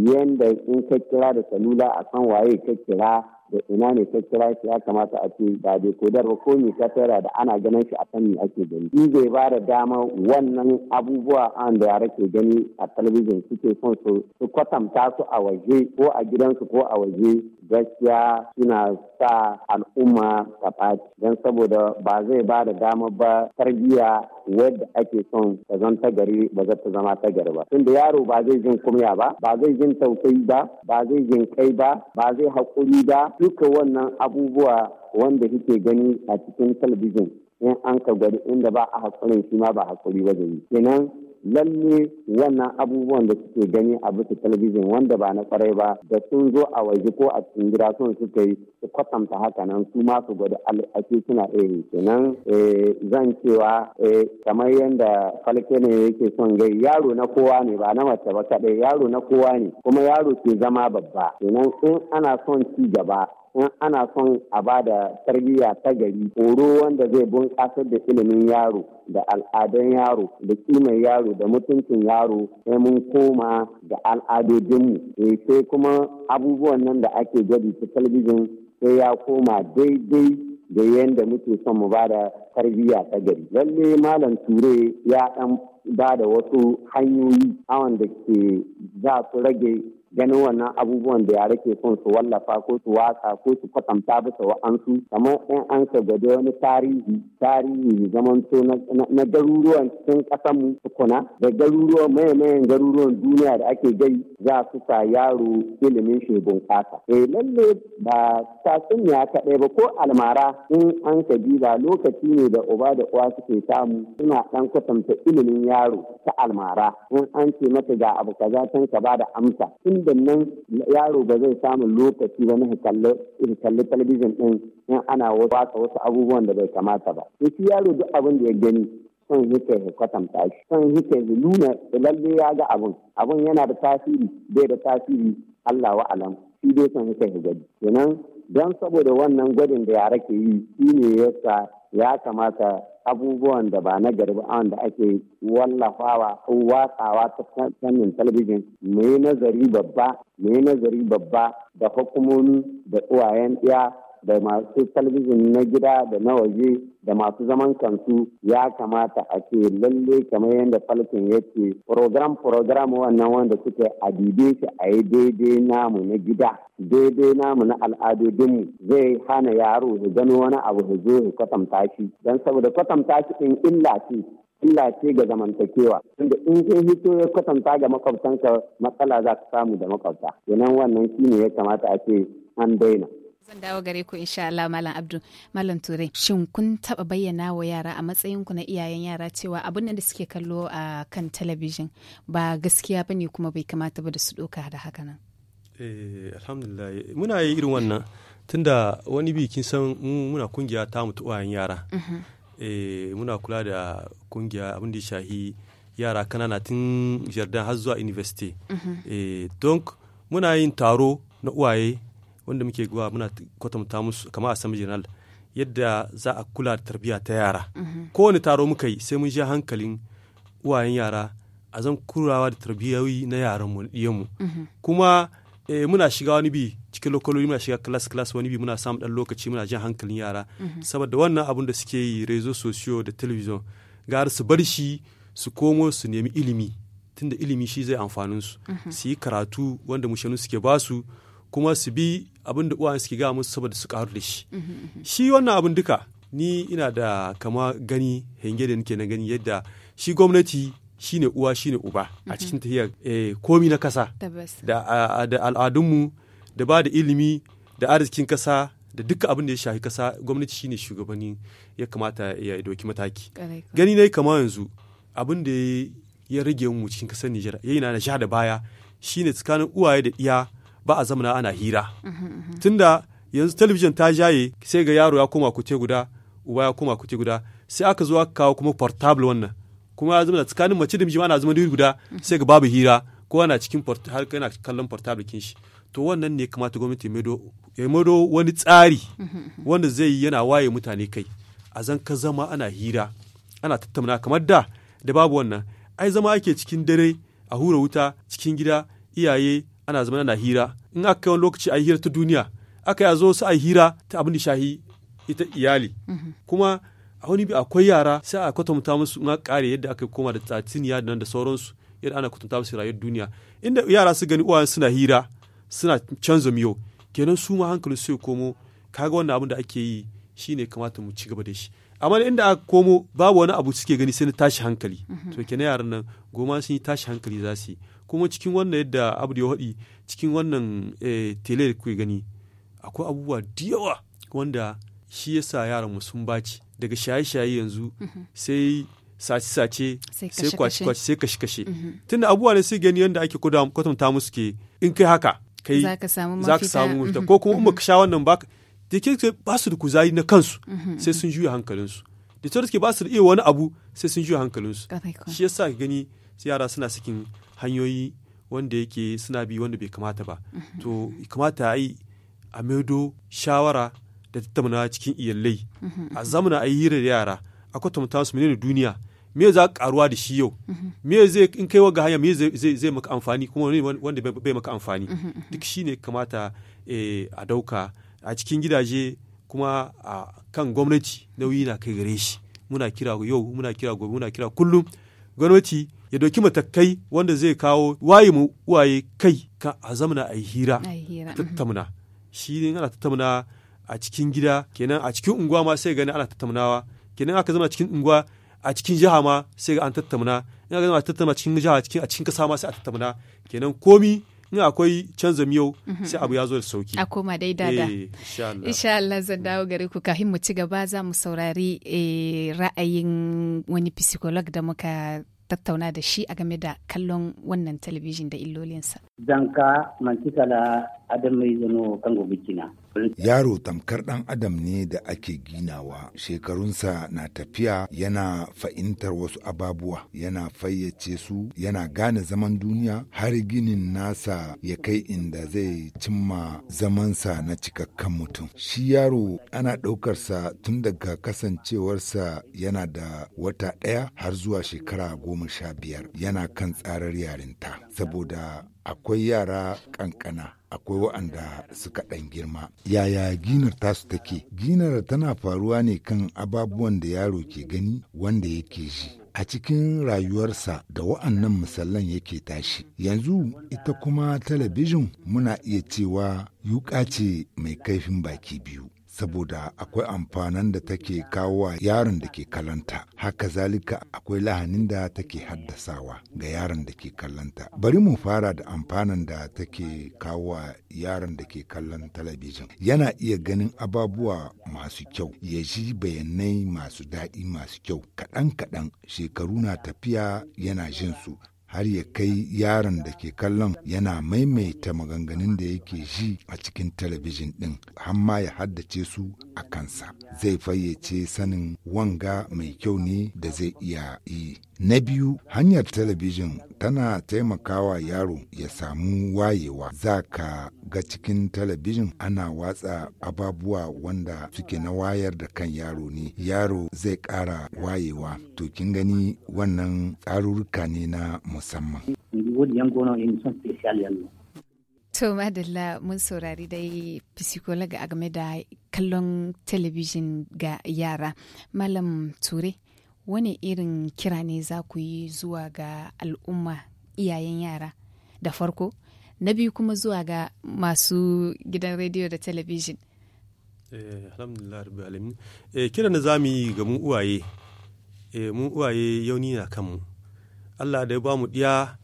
yadda in ka kira da salula a san waye ka kira da ina ne tattara shi ya kamata a ce ba da kodar ba ko me ka da ana ganin shi a kan me ake gani shi zai ba da dama wannan abubuwa an da yara ke gani a talabijin suke son su su kwatanta su a waje ko a gidansu ko a waje gaskiya suna sa al'umma ta ɓaci don saboda ba zai ba da dama ba tarbiyya wadda ake son ta zan ta gari ba za ta zama ta gari ba tunda yaro ba zai jin kumya ba ba zai jin tausayi ba ba zai jin kai ba ba zai haƙuri ba duka wannan abubuwa wanda kike gani a cikin talabijin in an ka gwada inda ba a hakurin shi ma ba hakuri wajen zai kenan lalle wannan abubuwan da suke gani a bisa talabijin wanda ba na kwarai ba da sun zo a waje ko a cikin gida sun suka yi su kwatanta haka nan su ma su gwada al'ake suna iri kenan eh, zan cewa eh, kamar yadda falke ne yake son gai yaro na kowa ne ba na mace ba kaɗai yaro na kowa ne kuma yaro ke zama babba kenan in ana son ci gaba in ana son a ba da tarbiyya ta gari horo wanda zai bunƙasar da ilimin yaro da al'adun yaro da kimar yaro da mutuncin yaro sai mun koma da al'adojinmu eh, sai kuma abubuwan nan da ake gwaji ta talabijin sai ya koma daidai da yadda muke son mu ba da tarbiyya ta gari lalle malam ture ya dan ba da wasu hanyoyi wanda ke za su rage ganin wannan abubuwan da yare ke son su wallafa ko su waka ko su kwatanta bisa wa'ansu kamar in an ka gwada wani tarihi tarihi zamanto na garuruwan cikin ƙasanmu tukuna da garuruwan mayan garuruwan duniya da ake gai za su sa yaro ilimin shi bunƙasa. eh lalle ba ya kaɗai ba ko almara in an ka diba lokaci ne da uba da uwa suke samu suna ɗan kwatanta ilimin yaro yaro ta almara in an ce mata ga abu kaza can ka ba da amsa inda nan yaro ba zai samu lokaci ba na kalli talabijin din in ana wasa wasu abubuwan da bai kamata ba shi yaro duk abin da ya gani son yake ya kwatanta shi son yake ya nuna lalle ya ga abun abun yana da tasiri bai da tasiri Allah wa alam shi dai son yake ya gani kenan don saboda wannan gwajin da yara ke yi shi yasa ya kamata abubuwan da ba na gari a wanda ake wallafawa watsawa ta fannin talabijin mu nazari babba mu nazari babba da hukumomi da uwayen ɗiya da masu talabijin na gida da na waje da masu zaman kansu ya kamata a ce lalle kamar yadda falkin ya ce program program wannan wanda suke a dibe shi a yi daidai namu na gida daidai namu na al'adodinmu zai hana yaro da gano wani abu da zo ya kwatanta shi don saboda kwatanta shi in illa ce illa ce ga zamantakewa tunda in kai hito ya kwatanta ga makwabtanka matsala za ka samu da makwabta kenan wannan shi ne ya kamata a ce an daina zan dawo gare ku insha Allah malam Abdu malam Ture shin kun taba bayyana wa yara a matsayin ku na iyayen yara cewa abin da suke kallo a kan talabijin ba gaskiya bane kuma bai kamata ba da su doka da haka nan eh alhamdulillah muna yi irin wannan tunda wani bi kin san muna kungiya ta mutu uwayen yara mm-hmm. eh muna kula da kungiya abin da ya shahi yara kanana tun jardin har zuwa university mm-hmm. eh donc muna yin taro na uwaye wanda muke guwa muna kwatanta musu kamar assembly jinal yadda za a kula da tarbiyya ta yara mhm. kowane taro muka yi sai mun ja hankalin uwayen yara a zan kurawa da tarbiyyoyi na yaran mu mu mhm. kuma eh, muna shiga wani bi cikin lokaloli muna shiga class class wani bi muna samu dan lokaci muna jin hankalin yara mhm. saboda wannan abun da suke yi rezo sosiyo da television gara su bar shi su komo su nemi ilimi tunda ilimi shi zai amfanin su su yi karatu wanda mushanu suke basu kuma su bi abin da uwayen suke gaya musu saboda su karu da shi mhm, mhm. shi wannan abin duka ni ina da kama gani henge da nake na gani yadda shi gwamnati shi ne uwa shi ne uba a mhm. cikin tafiya eh, komi na kasa da al'adunmu da ba da ilimi da arzikin kasa da duka abin da ya shafi kasa gwamnati shi ne shugabanni ya kamata ya doki mataki gani yi kama yanzu abin da ya rage mu cikin kasar Nijar yayi na da sha da baya shine tsakanin uwaye da iya ba a zamana ana hira mhm, mhm. tunda yanzu talabijin ta jaye sai ga yaro ya koma kuce guda uba ya koma kuce guda sai aka zo aka kawo kuma portable wannan kuma ya zama tsakanin mace da miji ma ana zama duri guda mhm. sai ga babu hira ko ana cikin har kallon portable kin shi to wannan ne kamata gwamnati ya mado wani tsari wanda zai yi yana waye mutane kai a zan ka zama ana hira ana tattauna kamar da da babu wannan ai zama ake cikin dare a hura wuta cikin gida iyaye ana zama ana hira in aka kai wani lokaci a hira ta duniya aka yazo su a hira ta abin da shahi ita iyali kuma a wani bi akwai yara sai a kwatanta musu in aka kare yadda aka koma da tatsiniya da nan da sauransu yadda ana kwatanta musu rayuwar duniya inda yara su gani uwayen suna hira suna canza miyo kenan su ma hankali su komo kaga wannan abin da ake yi shine kamata mu ci gaba da shi amma inda aka komo babu wani abu suke gani sai na tashi hankali to kenan yaran nan goma sun yi tashi hankali za su kuma cikin wannan yadda abu da ya haɗi cikin wannan eh, tele da kuke gani akwai abubuwa da yawa wanda shi yasa yaran sun baci daga shaye-shaye yanzu mhm. sai sace-sace sai kwashe-kwashe sai kashe-kashe mhm. tunda abubuwa ne sai gani yadda ake kwatanta musu ke in kai haka kai za ka samu mafita mhm. ko kuma in baka sha wannan ba da ke ba su da kuzari na kansu sai sun juya hankalinsu da ke ba su da iya wani abu sai sun juya hankalinsu shi yasa gani yara suna sakin hanyoyi wanda yake suna bi wanda bai kamata ba to kamata a yi a maido shawara da tattauna cikin iyalai a zamana a yi hira da yara a kwatanta su menene duniya me za ka karuwa da shi yau me zai in kai wa hanya me zai maka amfani kuma wanda bai maka amfani duk shine kamata eh, a dauka a cikin gidaje kuma a kan gwamnati nauyi na kai gare shi muna kira yau muna kira gobe muna kira kullum gwamnati ya doki matakai wanda zai kawo waye mu uwaye kai ka a zamana a yi hira mhm. tattauna shi ne ana tattauna a cikin gida kenan a cikin unguwa ma sai gani ana tattaunawa kenan aka zama cikin unguwa a cikin jiha ma sai ga an tattauna in aka zama a cikin jiha a cikin kasa ma sai a tattauna kenan komi in akwai canza miyau mhm. sai abu ya zo da sauki a koma dai da eh, insha Allah zan dawo gare ku kafin mu ci gaba za mu saurari eh, ra'ayin wani psycholog da muka tattauna da shi a game da kallon wannan talabijin da illolinsa. Zanka mantikala mai zano kan bikina. Yaro tamkar ɗan adam ne da ake ginawa, shekarunsa na tafiya yana fa'intar wasu ababuwa, yana fayyace su, yana gane zaman duniya har ginin nasa ya kai inda zai cimma zamansa na cikakken mutum. Shi yaro ana ɗaukarsa tun daga kasancewarsa yana da wata ɗaya har zuwa shekara goma sha biyar yana kan tsarar yarinta, saboda akwai yara ƙanƙana. akwai waɗanda suka ɗan girma. Yaya ginar tasu take? Ginar tana faruwa ne kan ababuwan da yaro ke gani wanda yake ji. a cikin rayuwarsa da wa'annan misallan yake tashi yanzu ita kuma talabijin muna iya cewa yuƙa ce mai kaifin baki biyu saboda akwai amfanan da take kawo wa yaron da ke kalanta haka zalika akwai lahanin da take haddasawa ga yaron da ke kallanta bari mu fara da amfanan da take kawo wa yaron da ke kallon talabijin yana iya ganin ababuwa masu kyau ya ji bayanai masu daɗi masu kyau kaɗan kaɗan shekaru na tafiya yana jin su har ya kai yaron da ke kallon yana maimaita maganganun da yake ji a cikin talabijin ɗin hamma ya haddace su a kansa zai fayyace sanin wanga mai kyau ne da zai iya yi na biyu hanyar talabijin tana taimakawa yaro ya samu wayewa za ka ga cikin talabijin ana watsa ababuwa wanda suke na wayar da kan yaro ne yaro zai ƙara wayewa to kin gani wannan tsarurruka ne na musamman. To Madalla mun saurari dai psikologa a game da kallon talabijin ga yara. Malam Ture, wani irin kira ne za ku yi zuwa ga al'umma iyayen yara da farko? Na biyu kuma zuwa ga masu gidan rediyo da talabijin. Eh, alhamdulillah rabbi alamin. Eh, kira na zamu yi ga mu uwaye. Eh, uwaye uwaye yauni na kanmu. Allah da ya bamu ɗiya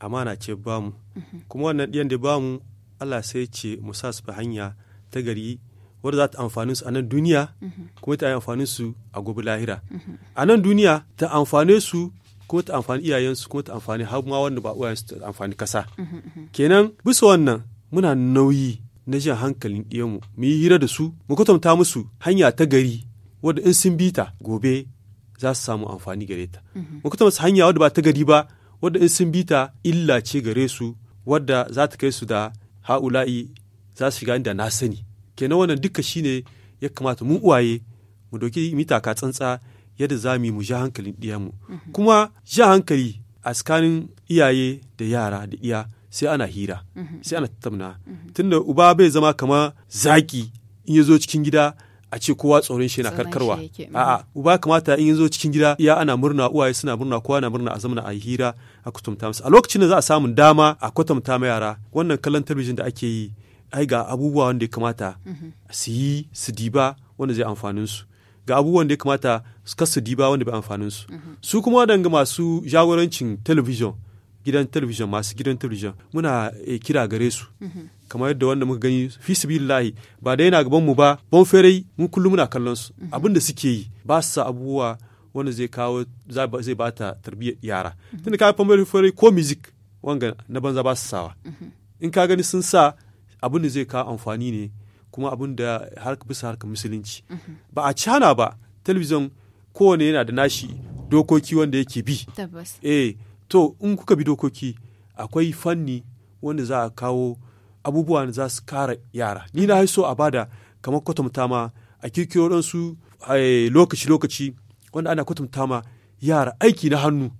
amana ce bamu mhm. kuma wannan ɗiyan da bamu Allah sai ce mu sa su hanya ta gari wadda za ta amfani su a nan duniya mhm. kuma ta amfani su a gobe lahira mhm. a nan duniya ta amfane su kuma ta amfani iyayensu kuma ta amfani har ma wanda ba uwayensu ta amfani kasa kenan bisa wannan muna nauyi na jan hankalin ɗiyanmu mu yi hira da su mu kwatanta musu hanya ta gari wadda in sun bi ta gobe za su samu amfani gare ta mhm. Mun kuma masu hanya wadda ba ta gari ba wadda in sun bi ta illa ce gare su wadda za ta kai su da ha'ula'i za su shiga inda na sani kenan wannan duka shine ya kamata mu uwaye mu doki mita ka tsantsa yadda za mu yi mu ja hankalin ɗiyanmu mhm. kuma ja hankali a tsakanin iyaye da yara da iya sai ana hira mhm. sai ana tattauna tunda uba bai zama kamar zaki in ya zo cikin gida a ce kowa tsoron shi na karkarwa mm. a'a uba kamata in zo cikin gida iya ana murna uwaye suna murna kowa na murna a zamana a hira a kutumta musu a lokacin da za a samu dama a kwatanta ma yara wannan kallon talabijin da ake yi ai ga abubuwa wanda ya kamata mhm. su yi su diba wanda zai amfanin su ga abubuwan da ya kamata su kasu diba wanda bai amfanin su mhm. su kuma wadanga masu jagorancin talabijin gidan talabijin masu gidan talabijin muna eh, kira gare su mhm. kamar yadda wanda muka gani fi sabilillahi ba da yana gaban mu ba bon ferai mun kullum muna kallon su mhm. abin da suke yi ba su sa abubuwa wanda zai kawo zai ba ta tarbiyyar yara mhm. tunda ka fa ferai ko music wanga na banza ba su sawa mhm. in ka gani sun sa abin da zai kawo amfani ne kuma abin da harka bisa harka musulunci ba a cana ba talabijin kowane yana da nashi dokoki wanda yake bi eh to in kuka bi dokoki akwai fanni wanda za a kawo abubuwa za su kara yara ni na so a bada kamar kwatanta ma a kirkiro su eh, lokaci-lokaci wanda ana kwatanta ma yara aiki na hannu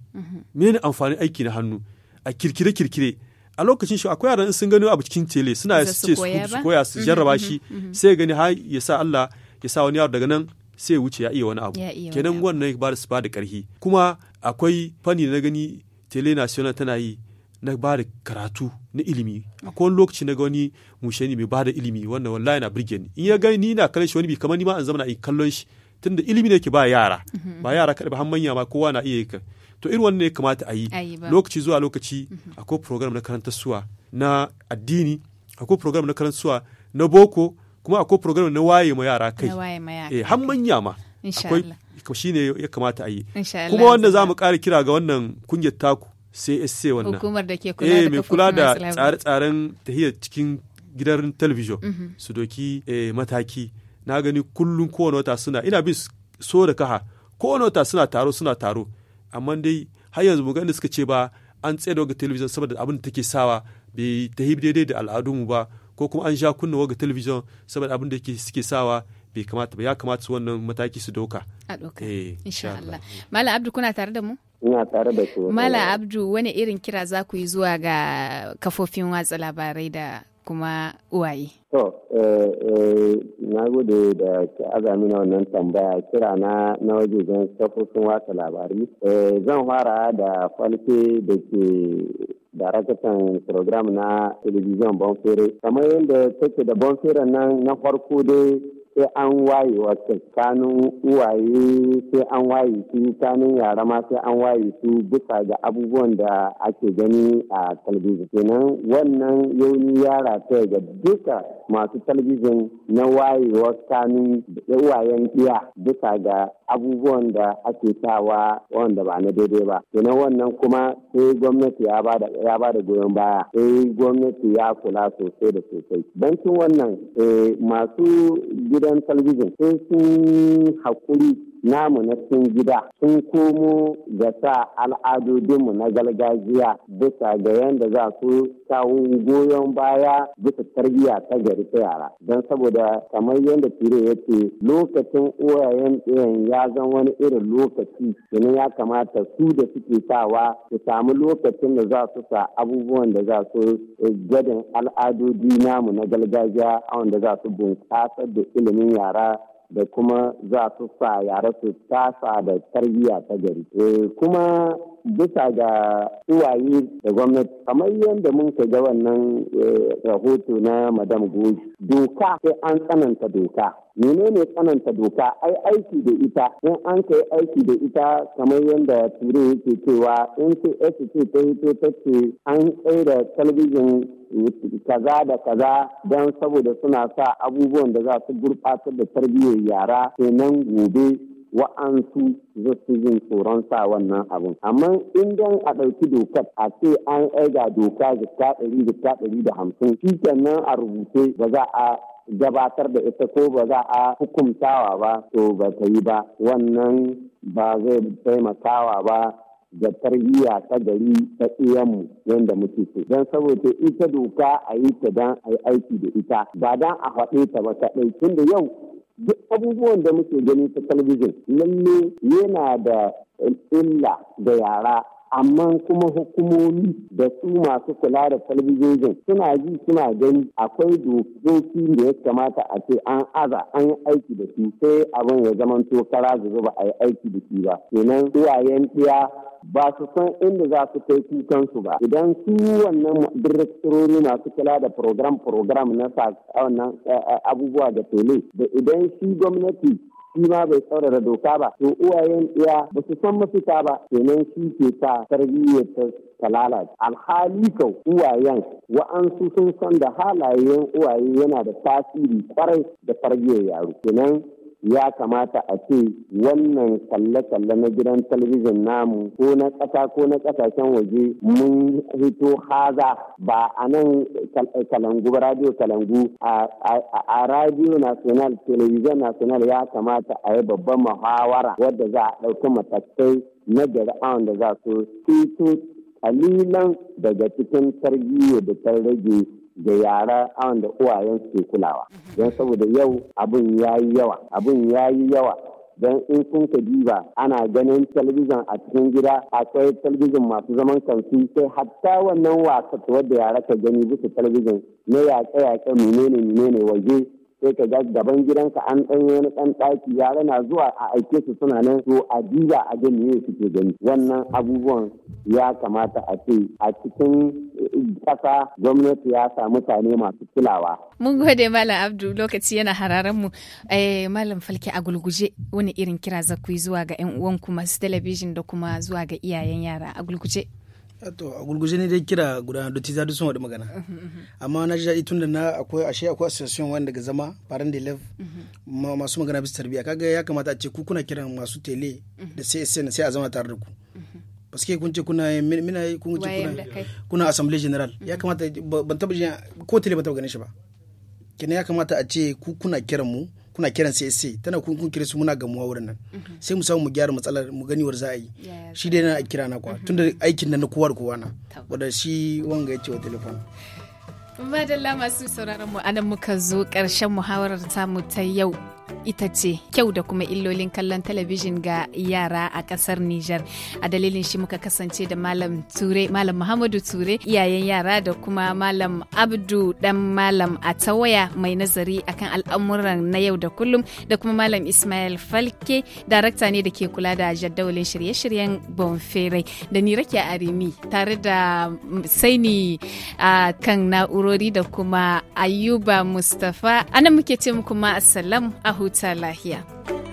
menene amfanin aiki na hannu a kirkire-kirkire a lokacin shi akwai yaran sun gani abu cikin tele suna ce su koya su mm-hmm, jarraba shi mm-hmm, mm-hmm. sai gani har ya sa Allah ya sa wani yaro daga nan sai ya wuce ya iya wani abu kenan wannan ba da su ba da karhi kuma akwai fani na gani tele national tana yi na ba da karatu na ilimi a kowane lokaci na ga wani mushe ne mai ba da ilimi wannan wallahi na birge ni in ya gani ni na kallon shi wani bi kamar ni ma an zama na yi kallon shi tunda ilimi ne ke ba yara mhm. ba yara kaɗai ba har manya ma kowa na iya yi to irin wannan ya kamata a yi lokaci zuwa lokaci mhm. akwai program na karanta suwa na addini akwai program na karanta suwa na boko kuma akwai program na waye ma yara kai eh har manya ma akwai shine ya kamata a yi kuma wannan za mu ƙara kira ga wannan kungiyar taku CSC wannan hukumar da ke kula eh, da kula da tsare-tsaren tahiyar cikin gidan talabijin mhm. su doki eh, mataki na gani kullum kowane wata suna ina bin so da kaha kowane wata suna taro suna taro amma dai har yanzu mu da suka ce ba an tsaye da waga talabijin saboda abin da take sawa bai tahi daidai da al'adunmu ba ko kuma an sha kunna waga talabijin saboda abin da suke sawa bai kamata ba ya kamata su wannan mataki su doka a doka eh, insha Allah malam abdu kuna tare da mu ina tare da su. mala abdu wani irin kira za ku yi zuwa ga kafofin watsa labarai da kuma uwaye to eh, eh, na gode da ke azami na wannan tambaya kira na na wajejen kafofin watsa labarai eh, zan fara da falke da ke darakatan program na television bonfere kamar yadda take da bonfere nan na farko dai sai an waye wa tsakanin uwaye sai an waye su tsakanin yara ma sai an waye su bisa ga abubuwan da ake gani a talabijin kenan wannan yauni yara ta ga duka masu talabijin na wa tsakanin uwayen iya bisa ga abubuwan da ake tawa wanda ba na daidai ba kenan wannan kuma sai gwamnati ya ba da goyon baya sai gwamnati ya kula sosai da sosai bancin wannan eh, masu gidan talabijin sai sun haƙuri namu na cikin gida sun komo ga sa al'adodinmu na gargajiya bisa ga yadda za su kawo goyon baya bisa tarbiyya ta gari ta yara don saboda kamar yadda ture ya ce lokacin uwayen ɗayan ya zan wani irin lokaci domin ya kamata su da suke sawa su samu lokacin da za su sa abubuwan da za su eh, gadin al'adodi namu na gargajiya a wanda za su bunƙasar da ilimin yara da kuma za su sa yare su tasa da tarbiyya ta gari. Eh, kuma bisa ga uwaye da gwamnati kamar yadda mun ka ga wannan eh, rahoto na madam goji doka sai an tsananta doka menene tsananta doka ai aiki da ita in an kai aiki da ita kamar yadda turai yake cewa in sai ce ta yi ta ce an tsaida talabijin kaza da kaza don saboda suna sa abubuwan da za su gurɓatar da tarbiyyar yara nan gobe wa'ansu su yin tsoron sa wannan abun amma in don a ɗauki dokar a ce an aiga doka zikka ɗari zikka ɗari da hamsin shi kenan a rubuce ba za a gabatar da ita ko ba za a hukumtawa ba to ba ta yi ba wannan ba zai taimakawa ba ga tarbiyya ta gari ta tsiyanmu yadda muke so don saboda ita doka a yi ta don a yi aiki da ita ba don a faɗe ta ba kaɗai tun da yau duk abubuwan da muke gani ta talabijin lalle yana da illa da yara amma kuma hukumomi da su masu kula da talabijin suna ji suna gani akwai dokoki da ya kamata a ce an aza an yi aiki da su sai abin ya zama to kara zuba a yi aiki da su ba kenan uwayen ɗiya ba su san inda za su kai kukan su ba idan su wannan direktorori masu kula da program program na sa wannan eh, eh, abubuwa da tele da idan shi gwamnati shi ma bai tsaurara doka ba to uwayen iya. ba su san mafita ba kenan shi ke ta tarbiyyar ta lalace alhali kau uwayen wa'ansu sun san da halayen uwaye yana da tasiri kwarai da tarbiyyar yaro kenan ya kamata a ce wannan kalle-kalle na gidan talabijin namu ko na ƙasa ko na ƙasashen waje mun hito haza ba a nan kalangu radio kalangu a radio national television national ya kamata a yi babban muhawara wadda za a ɗauki matakai na a da za su fito kalilan daga cikin tarbiyya da ta da yara awon da uwayen ke kulawa don saboda yau abin ya yi yawa abin ya yi yawa don in kun ka diba ana ganin talabijin a cikin gida akwai talabijin masu zaman kansu sai hatta wannan wasa wadda yara ka gani bisa talabijin na yaƙe-yaƙe menene menene waje sai ka ga gaban gidanka an ɗan wani ɗan ɗaki yara na zuwa a aike su suna nan to a diba a ga meye suke gani wannan abubuwan ya kamata a ce a cikin eh, ƙasa gwamnati ya sa mutane masu kulawa. Mun gode Malam Abdu lokaci yana hararen mu eh, Malam Falke a gulguje wani irin kira za ku yi zuwa ga 'yan kuma masu talabijin da kuma zuwa ga iyayen yara a gulguje. to a gurguje ne dai kira guda da tiza sun wadu magana amma na ji daɗi tunda na akwai ashe akwai association wani daga zama faran da lev masu magana bisa tarbiyya kaga ya kamata a ce ku kuna kiran masu tele da CSN sai a zama tare da ku parce que kun ce kuna mina kun ce kuna kuna assemblée générale ya kamata ban taba ko tele ban taba ganin shi ba kenan ya kamata a ce ku kuna kiran mu kuna kiran sai sai tana kun kun kira su muna gamuwa wurin nan mhm. sai mu samu mu gyara matsalar mu gani war za a yi shi dai na kira na kwa mhm. tunda aikin nan na kowa da kowa na wanda shi wanga ce wa telefon madalla masu sauraron mu anan muka zo karshen muhawarar tamu ta yau ita ce kyau da kuma illolin kallon talabijin ga yara a kasar Nijar. A dalilin shi muka kasance da Malam Ture, Malam Muhammadu Ture, iyayen yara da kuma Malam Abdu dan Malam a mai nazari akan al'amuran na yau da kullum da kuma Malam Ismail Falke, darakta ne da ke kula da jadawalin shirye-shiryen Bonferai da ni rake Arimi tare da Saini a kan na'urori da kuma Ayuba Mustafa. Anan muke ce muku ma assalam here.